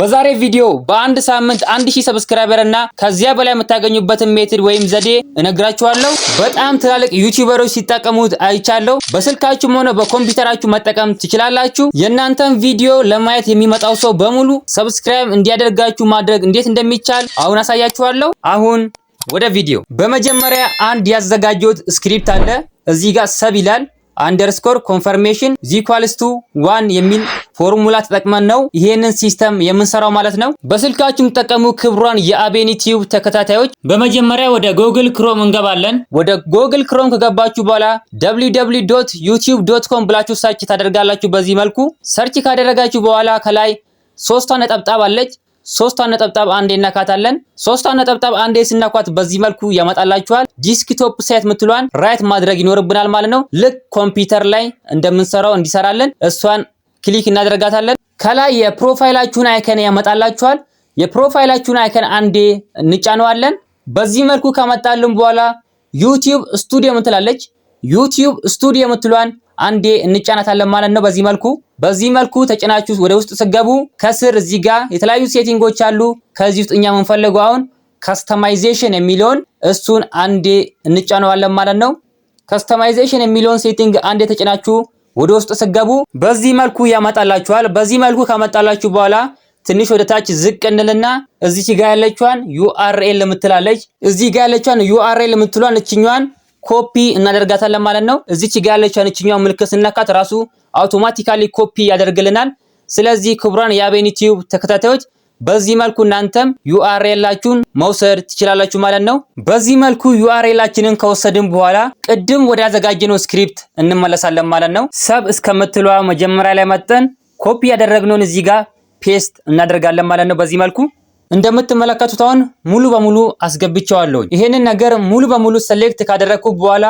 በዛሬ ቪዲዮ በአንድ ሳምንት አንድ ሺህ ሰብስክራይበር እና ከዚያ በላይ የምታገኙበትን ሜትድ ወይም ዘዴ እነግራችኋለሁ። በጣም ትላልቅ ዩቲዩበሮች ሲጠቀሙት አይቻለሁ። በስልካችሁም ሆነ በኮምፒውተራችሁ መጠቀም ትችላላችሁ። የእናንተን ቪዲዮ ለማየት የሚመጣው ሰው በሙሉ ሰብስክራይብ እንዲያደርጋችሁ ማድረግ እንዴት እንደሚቻል አሁን አሳያችኋለሁ። አሁን ወደ ቪዲዮ። በመጀመሪያ አንድ ያዘጋጀሁት ስክሪፕት አለ። እዚህ ጋር ሰብ ይላል አንደርስኮር ኮንፈርሜሽን ዚኳልስቱ ዋን የሚል ፎርሙላ ተጠቅመን ነው ይሄንን ሲስተም የምንሰራው ማለት ነው። በስልካችሁ ተጠቀሙ። ክብሯን የአቤኒ ቲዩብ ተከታታዮች፣ በመጀመሪያ ወደ ጎግል ክሮም እንገባለን። ወደ ጎግል ክሮም ከገባችሁ በኋላ www.youtube.com ብላችሁ ሰርች ታደርጋላችሁ። በዚህ መልኩ ሰርች ካደረጋችሁ በኋላ ከላይ ሶስቷ ነጠብጣብ አለች። ሶስቷ ነጠብጣብ አንዴ እናካታለን። ሶስቷ ነጠብጣብ አንዴ ስናኳት በዚህ መልኩ ያመጣላችኋል። ዲስክቶፕ ሳይት ምትሏን ራይት ማድረግ ይኖርብናል ማለት ነው። ልክ ኮምፒውተር ላይ እንደምንሰራው እንዲሰራለን እሷን ክሊክ እናደርጋታለን። ከላይ የፕሮፋይላችሁን አይከን ያመጣላችኋል። የፕሮፋይላችሁን አይከን አንዴ እንጫነዋለን። በዚህ መልኩ ከመጣልን በኋላ ዩቲዩብ ስቱዲዮ የምትላለች ዩቲዩብ ስቱዲዮ የምትሏን አንዴ እንጫናታለን ማለት ነው። በዚህ መልኩ በዚህ መልኩ ተጭናችሁ ወደ ውስጥ ስገቡ ከስር እዚህ ጋር የተለያዩ ሴቲንጎች አሉ። ከዚህ ውስጥ እኛ የምንፈልገው አሁን ከስተማይዜሽን የሚለውን እሱን አንዴ እንጫነዋለን ማለት ነው። ከስተማይዜሽን የሚለውን ሴቲንግ አንዴ ተጭናችሁ ወደ ውስጥ ስገቡ በዚህ መልኩ ያመጣላችኋል። በዚህ መልኩ ካመጣላችሁ በኋላ ትንሽ ወደ ታች ዝቅ እንልና እዚች ጋር ያለችዋን ዩአርኤል ለምትላለች እዚህ ጋር ያለችዋን ዩአርኤል የምትሏን እችኛዋን ኮፒ እናደርጋታለን ማለት ነው። እዚች ጋር ያለችዋን እችኛዋን ምልክት ስነካት ራሱ አውቶማቲካሊ ኮፒ ያደርግልናል። ስለዚህ ክቡራን የአቤኒ ቲዩብ ተከታታዮች በዚህ መልኩ እናንተም ዩአርኤላችሁን መውሰድ ትችላላችሁ ማለት ነው። በዚህ መልኩ ዩአርኤላችንን ከወሰድን በኋላ ቅድም ወደ አዘጋጀነው ስክሪፕት እንመለሳለን ማለት ነው። ሰብ እስከምትሏ መጀመሪያ ላይ መጠን ኮፒ ያደረግነውን እዚህ ጋር ፔስት እናደርጋለን ማለት ነው። በዚህ መልኩ እንደምትመለከቱት አሁን ሙሉ በሙሉ አስገብቼዋለሁ። ይሄንን ነገር ሙሉ በሙሉ ሴሌክት ካደረግኩ በኋላ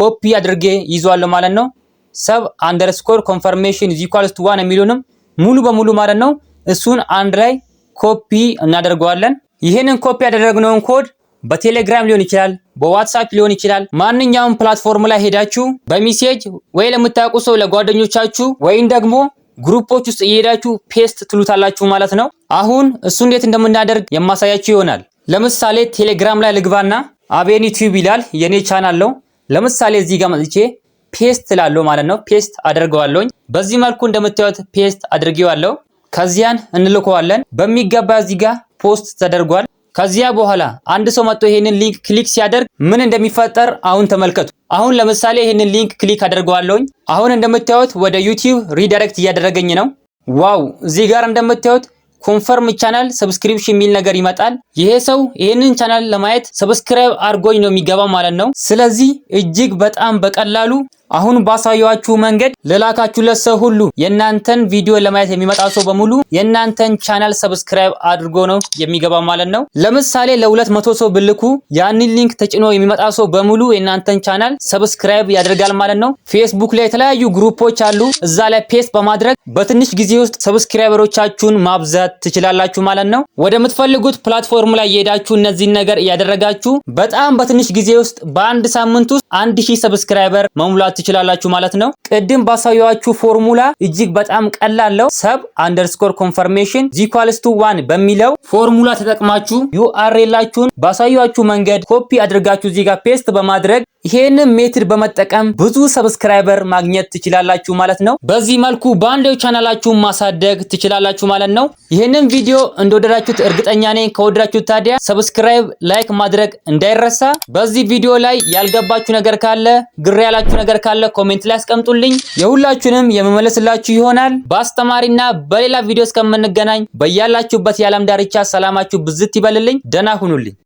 ኮፒ አድርጌ ይዟለሁ ማለት ነው። ሰብ አንደርስኮር ኮንፈርሜሽን ኢዝ ኢኳልስ ቱ ዋን የሚሉንም ሙሉ በሙሉ ማለት ነው እሱን አንድ ላይ ኮፒ እናደርገዋለን። ይህንን ኮፒ ያደረግነውን ኮድ በቴሌግራም ሊሆን ይችላል፣ በዋትሳፕ ሊሆን ይችላል። ማንኛውም ፕላትፎርም ላይ ሄዳችሁ በሚሴጅ ወይ ለምታውቁ ሰው ለጓደኞቻችሁ፣ ወይም ደግሞ ግሩፖች ውስጥ እየሄዳችሁ ፔስት ትሉታላችሁ ማለት ነው። አሁን እሱ እንዴት እንደምናደርግ የማሳያችሁ ይሆናል። ለምሳሌ ቴሌግራም ላይ ልግባና አቤን ዩቲዩብ ይላል የኔ ቻናል ነው። ለምሳሌ እዚህ ጋር መጥቼ ፔስት ላለው ማለት ነው ፔስት አደርገዋለሁኝ። በዚህ መልኩ እንደምታዩት ፔስት አድርጌዋለሁ። ከዚያን እንልከዋለን። በሚገባ እዚህ ጋር ፖስት ተደርጓል። ከዚያ በኋላ አንድ ሰው መጥቶ ይሄንን ሊንክ ክሊክ ሲያደርግ ምን እንደሚፈጠር አሁን ተመልከቱ። አሁን ለምሳሌ ይሄንን ሊንክ ክሊክ አደርገዋለሁኝ። አሁን እንደምታዩት ወደ ዩቲዩብ ሪዳይሬክት እያደረገኝ ነው። ዋው! እዚህ ጋር እንደምታዩት ኮንፈርም ቻናል ሰብስክሪፕሽን የሚል ነገር ይመጣል። ይሄ ሰው ይሄንን ቻናል ለማየት ሰብስክራይብ አድርጎኝ ነው የሚገባ ማለት ነው። ስለዚህ እጅግ በጣም በቀላሉ አሁን ባሳየዋችሁ መንገድ ለላካችሁለት ሰው ሁሉ የእናንተን ቪዲዮ ለማየት የሚመጣ ሰው በሙሉ የእናንተን ቻናል ሰብስክራይብ አድርጎ ነው የሚገባ ማለት ነው። ለምሳሌ ለሁለት መቶ ሰው ብልኩ ያንን ሊንክ ተጭኖ የሚመጣ ሰው በሙሉ የእናንተን ቻናል ሰብስክራይብ ያደርጋል ማለት ነው። ፌስቡክ ላይ የተለያዩ ግሩፖች አሉ። እዛ ላይ ፔስት በማድረግ በትንሽ ጊዜ ውስጥ ሰብስክራይበሮቻችሁን ማብዛት ትችላላችሁ ማለት ነው። ወደምትፈልጉት ፕላትፎርም ላይ የሄዳችሁ እነዚህን ነገር እያደረጋችሁ በጣም በትንሽ ጊዜ ውስጥ በአንድ ሳምንት ውስጥ አንድ ሺህ ሰብስክራይበር መሙላት ትችላላችሁ ማለት ነው። ቅድም ባሳየዋችሁ ፎርሙላ እጅግ በጣም ቀላል ነው። ሰብ አንደርስኮር ኮንፈርሜሽን ኢኳልስ ዋን በሚለው ፎርሙላ ተጠቅማችሁ ዩአርኤላችሁን ባሳየዋችሁ መንገድ ኮፒ አድርጋችሁ እዚህ ጋር ፔስት በማድረግ ይሄንን ሜትድ በመጠቀም ብዙ ሰብስክራይበር ማግኘት ትችላላችሁ ማለት ነው። በዚህ መልኩ በአንዴው ቻናላችሁን ማሳደግ ትችላላችሁ ማለት ነው። ይሄንን ቪዲዮ እንደወደዳችሁት እርግጠኛ ነኝ። ከወደዳችሁት ታዲያ ሰብስክራይብ፣ ላይክ ማድረግ እንዳይረሳ። በዚህ ቪዲዮ ላይ ያልገባችሁ ነገር ካለ ግር ያላችሁ ነገር ካለ ካለ ኮሜንት ላይ አስቀምጡልኝ። የሁላችሁንም የመመለስላችሁ ይሆናል። በአስተማሪና በሌላ ቪዲዮ እስከምንገናኝ በያላችሁበት የዓለም ዳርቻ ሰላማችሁ ብዝት ይበልልኝ። ደህና ሁኑልኝ።